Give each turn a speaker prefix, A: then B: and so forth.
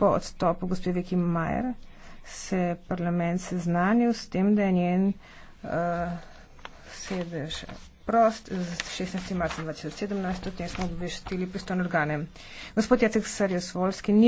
A: po odstopu gospe Kimmajer se je parlament seznanil s tem, da je njen uh, sedež prost z 16. marca 2017, o tem smo obveščili pristojne organe.
B: Gospod Jacek Sarjosvolski ni